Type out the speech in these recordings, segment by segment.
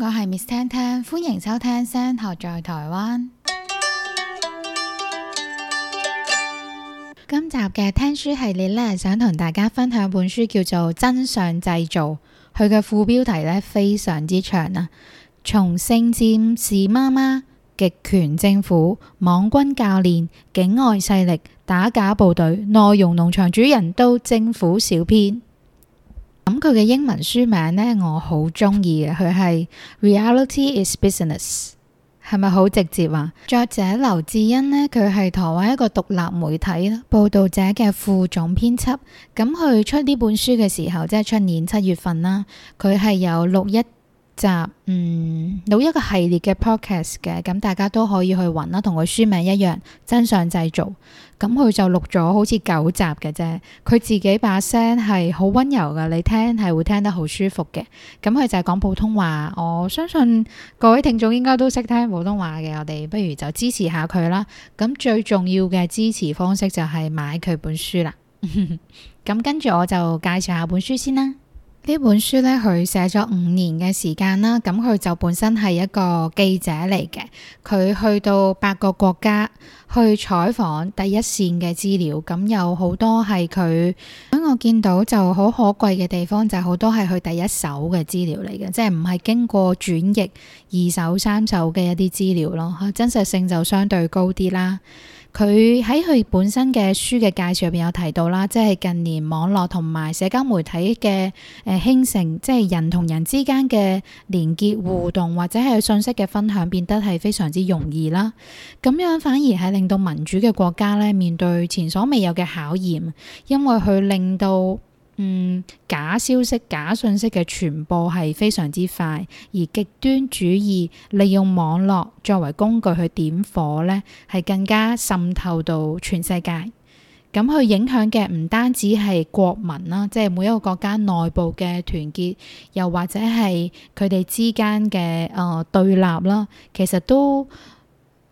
我係 Miss 婷婷，歡迎收聽聲《聲學在台灣》。今集嘅聽書系列咧，想同大家分享一本書叫做《真相製造》，佢嘅副標題咧非常之長啊，從聖戰士媽媽、極權政府、網軍教練、境外勢力、打假部隊、內容農場主人都政府小編。咁佢嘅英文書名咧，我好中意嘅，佢係 Reality is Business，係咪好直接啊？作者劉致昕咧，佢係台灣一個獨立媒體《報道者》嘅副總編輯。咁、嗯、佢出呢本書嘅時候，即係出年七月份啦，佢係有六一。集，嗯，有一個系列嘅 podcast 嘅，咁大家都可以去揾啦，同佢書名一樣《真相製造》，咁佢就錄咗好似九集嘅啫。佢自己把聲係好温柔噶，你聽係會聽得好舒服嘅。咁佢就係講普通話，我相信各位聽眾應該都識聽普通話嘅。我哋不如就支持下佢啦。咁最重要嘅支持方式就係買佢本書啦。咁 跟住我就介紹下本書先啦。呢本書咧，佢寫咗五年嘅時間啦，咁佢就本身係一個記者嚟嘅，佢去到八個國家去採訪第一線嘅資料，咁有好多係佢，咁我見到就好可貴嘅地方就係好多係佢第一手嘅資料嚟嘅，即係唔係經過轉譯二手、三手嘅一啲資料咯，真實性就相對高啲啦。佢喺佢本身嘅書嘅介紹入邊有提到啦，即係近年網絡同埋社交媒體嘅誒興盛，即係人同人之間嘅連結互動或者係信息嘅分享變得係非常之容易啦。咁樣反而係令到民主嘅國家咧面對前所未有嘅考驗，因為佢令到。嗯，假消息、假信息嘅傳播係非常之快，而極端主義利用網絡作為工具去點火呢，係更加滲透到全世界。咁佢影響嘅唔單止係國民啦，即係每一個國家內部嘅團結，又或者係佢哋之間嘅誒對立啦。其實都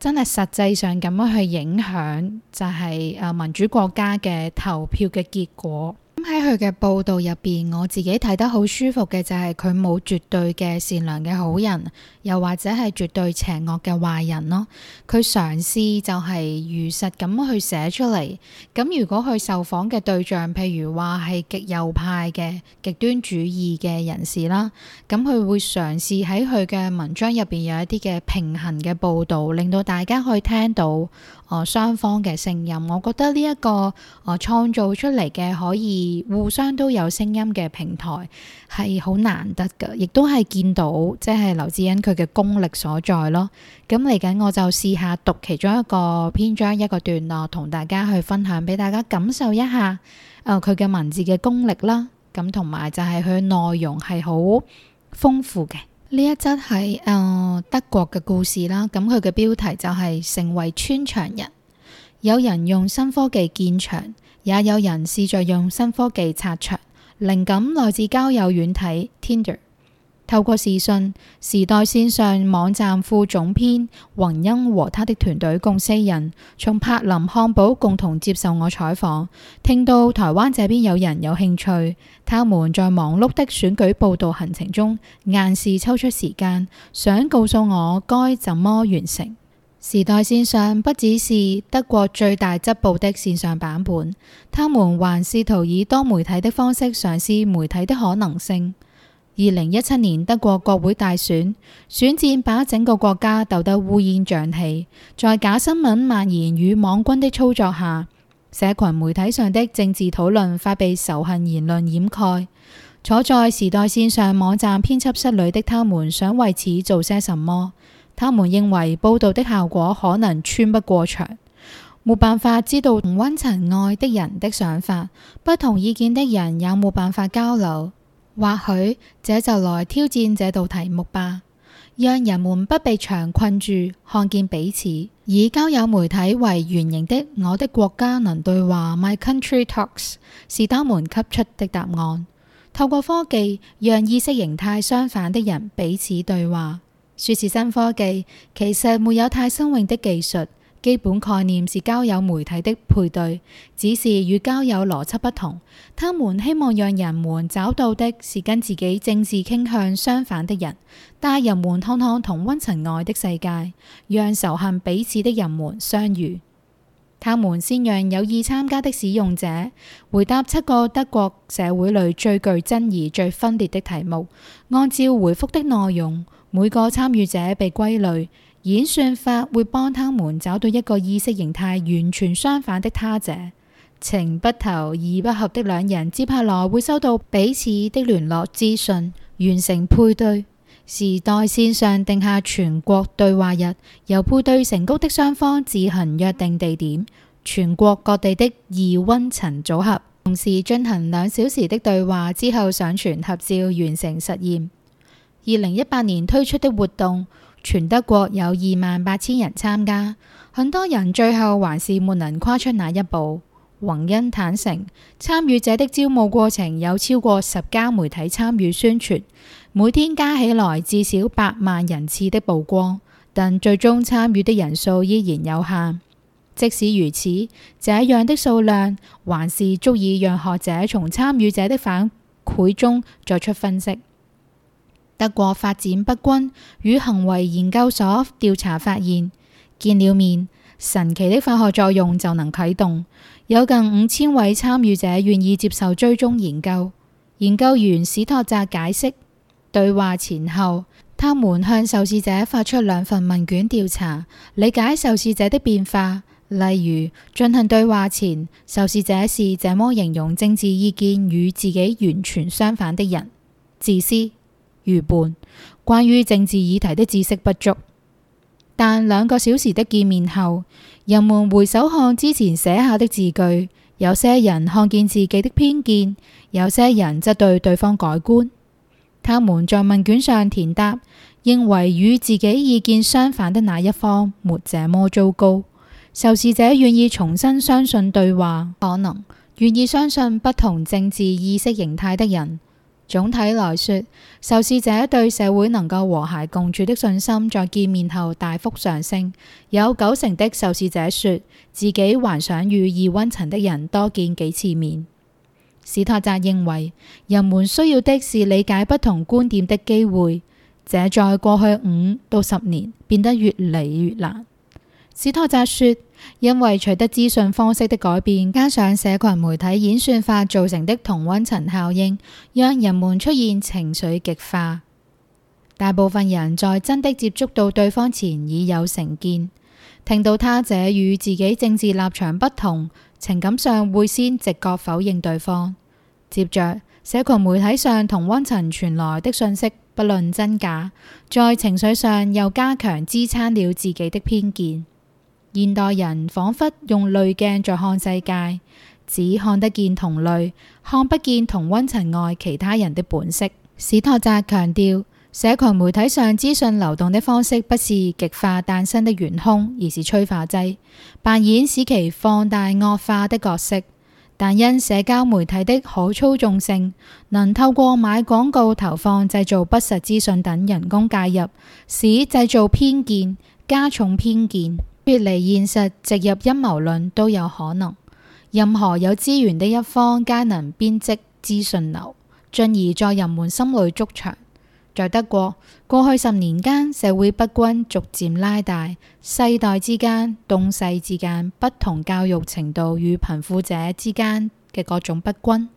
真係實際上咁樣去影響就係誒民主國家嘅投票嘅結果。喺佢嘅報道入邊，我自己睇得好舒服嘅就係佢冇絕對嘅善良嘅好人，又或者係絕對邪惡嘅壞人咯。佢嘗試就係如實咁去寫出嚟。咁如果佢受訪嘅對象，譬如話係極右派嘅極端主義嘅人士啦，咁佢會嘗試喺佢嘅文章入邊有一啲嘅平衡嘅報道，令到大家去聽到。我雙、呃、方嘅聲音，我覺得呢、這、一個我創、呃、造出嚟嘅可以互相都有聲音嘅平台係好難得噶，亦都係見到即係劉致昕佢嘅功力所在咯。咁嚟緊我就試下讀其中一個篇章一個段落，同大家去分享，俾大家感受一下誒佢嘅文字嘅功力啦。咁同埋就係佢內容係好豐富嘅。呢一則係誒、呃、德國嘅故事啦，咁佢嘅標題就係、是、成為穿牆人。有人用新科技建牆，也有人試着用新科技拆牆。靈感來自交友軟體 Tinder。透過視訊，時代線上網站副總編宏恩和他的團隊共四人，從柏林漢堡共同接受我採訪。聽到台灣這邊有人有興趣，他們在忙碌的選舉報道行程中，硬是抽出時間，想告訴我該怎麼完成。時代線上不只是德國最大質報的線上版本，他們還試圖以多媒體的方式嘗試媒體的可能性。二零一七年德國國會大選，選戰把整個國家鬥得烏煙瘴氣。在假新聞蔓延與網軍的操作下，社群媒體上的政治討論快被仇恨言論掩蓋。坐在時代線上網站編輯室裡的他們，想為此做些什麼？他們認為報道的效果可能穿不過牆，沒辦法知道同温層愛的人的想法，不同意見的人也沒有辦法交流。或許這就來挑戰這道題目吧，讓人們不被牆困住，看見彼此，以交友媒體為原型的我的國家能對話，My Country Talks 是他們給出的答案。透過科技，讓意識形態相反的人彼此對話，說是新科技，其實沒有太新穎的技術。基本概念是交友媒體的配對，只是與交友邏輯不同。他們希望讓人們找到的是跟自己政治傾向相反的人，帶人們看看同温層外的世界，讓仇恨彼此的人們相遇。他們先讓有意參加的使用者回答七個德國社會裏最具爭議、最分裂的題目，按照回覆的內容，每個參與者被歸類。演算法會幫他們找到一個意識形態完全相反的他者，情不投意不合的兩人，接下來會收到彼此的聯絡資訊，完成配對。時代線上定下全國對話日，由配對成功的雙方自行約定地點，全國各地的異溫層組合，同時進行兩小時的對話之後，上傳合照，完成實驗。二零一八年推出的活動。全德國有二萬八千人參加，很多人最後還是沒能跨出那一步。宏恩坦承，參與者的招募過程有超過十家媒體參與宣傳，每天加起來至少百萬人次的曝光，但最終參與的人數依然有限。即使如此，這樣的數量還是足以讓學者從參與者的反饋中作出分析。德國發展不均與行為研究所調查發現，見了面，神奇的化學作用就能啟動。有近五千位參與者願意接受追蹤研究。研究員史托澤解釋，對話前後，他們向受試者發出兩份問卷調查，理解受試者的變化，例如進行對話前，受試者是怎麼形容政治意見與自己完全相反的人：自私。愚笨，關於政治議題的知識不足。但兩個小時的見面後，人們回首看之前寫下的字句，有些人看見自己的偏見，有些人則對對方改觀。他們在問卷上填答，認為與自己意見相反的那一方沒這麼糟糕。受試者願意重新相信對話可能，願意相信不同政治意識形態的人。總體來說，受試者對社會能夠和諧共處的信心在見面後大幅上升。有九成的受試者說自己還想與異溫層的人多見幾次面。史托扎認為，人們需要的是理解不同觀點的機會，這在過去五到十年變得越嚟越難。史托扎說。因為取得資訊方式的改變，加上社群媒體演算法造成的同溫層效應，讓人們出現情緒極化。大部分人在真的接觸到對方前已有成見，聽到他者與自己政治立場不同，情感上會先直覺否認對方。接着，社群媒體上同温層傳來的信息，不論真假，在情緒上又加強支撐了自己的偏見。現代人仿佛用濾鏡在看世界，只看得見同類，看不見同温層外其他人的本色。史托澤強調，社群媒體上資訊流動的方式不是極化誕生的元凶，而是催化劑，扮演使其放大惡化的角色。但因社交媒體的可操縱性，能透過買廣告投放、製造不實資訊等人工介入，使製造偏見、加重偏見。脫離現實，植入陰謀論都有可能。任何有資源的一方皆能編織資訊流，進而在人們心裏築牆。在德國，過去十年間，社會不均逐漸拉大，世代之間、東西之間、不同教育程度與貧富者之間嘅各種不均，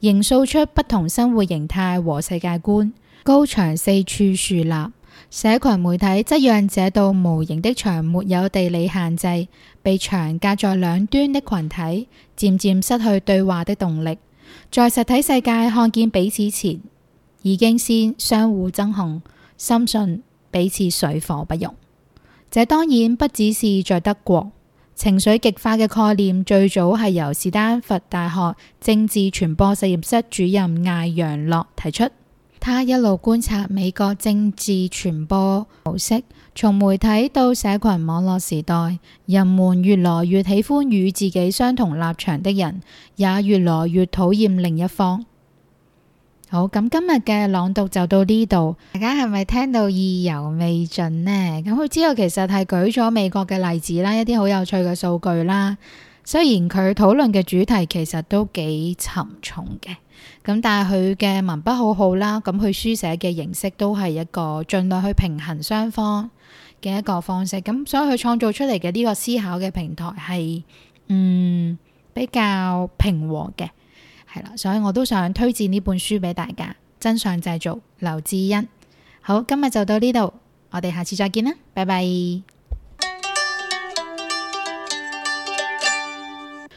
凝塑出不同生活形態和世界觀，高牆四處豎立。社群媒體則讓這道無形的牆沒有地理限制，被牆隔在兩端的群體漸漸失去對話的動力，在實體世界看見彼此前，已經先相互憎恨，深信彼此水火不容。這當然不只是在德國，情緒極化嘅概念最早係由史丹佛大學政治傳播實驗室主任艾揚諾提出。他一路觀察美國政治傳播模式，從媒體到社群網絡時代，人們越來越喜歡與自己相同立場的人，也越來越討厭另一方。好，咁今日嘅朗讀就到呢度，大家係咪聽到意猶未盡呢？咁佢之後其實係舉咗美國嘅例子啦，一啲好有趣嘅數據啦。雖然佢討論嘅主題其實都幾沉重嘅。咁但係佢嘅文筆好好啦，咁佢書寫嘅形式都係一個盡量去平衡雙方嘅一個方式，咁所以佢創造出嚟嘅呢個思考嘅平台係嗯比較平和嘅，係啦，所以我都想推薦呢本書俾大家，《真相製造》劉致昕。好，今日就到呢度，我哋下次再見啦，拜拜。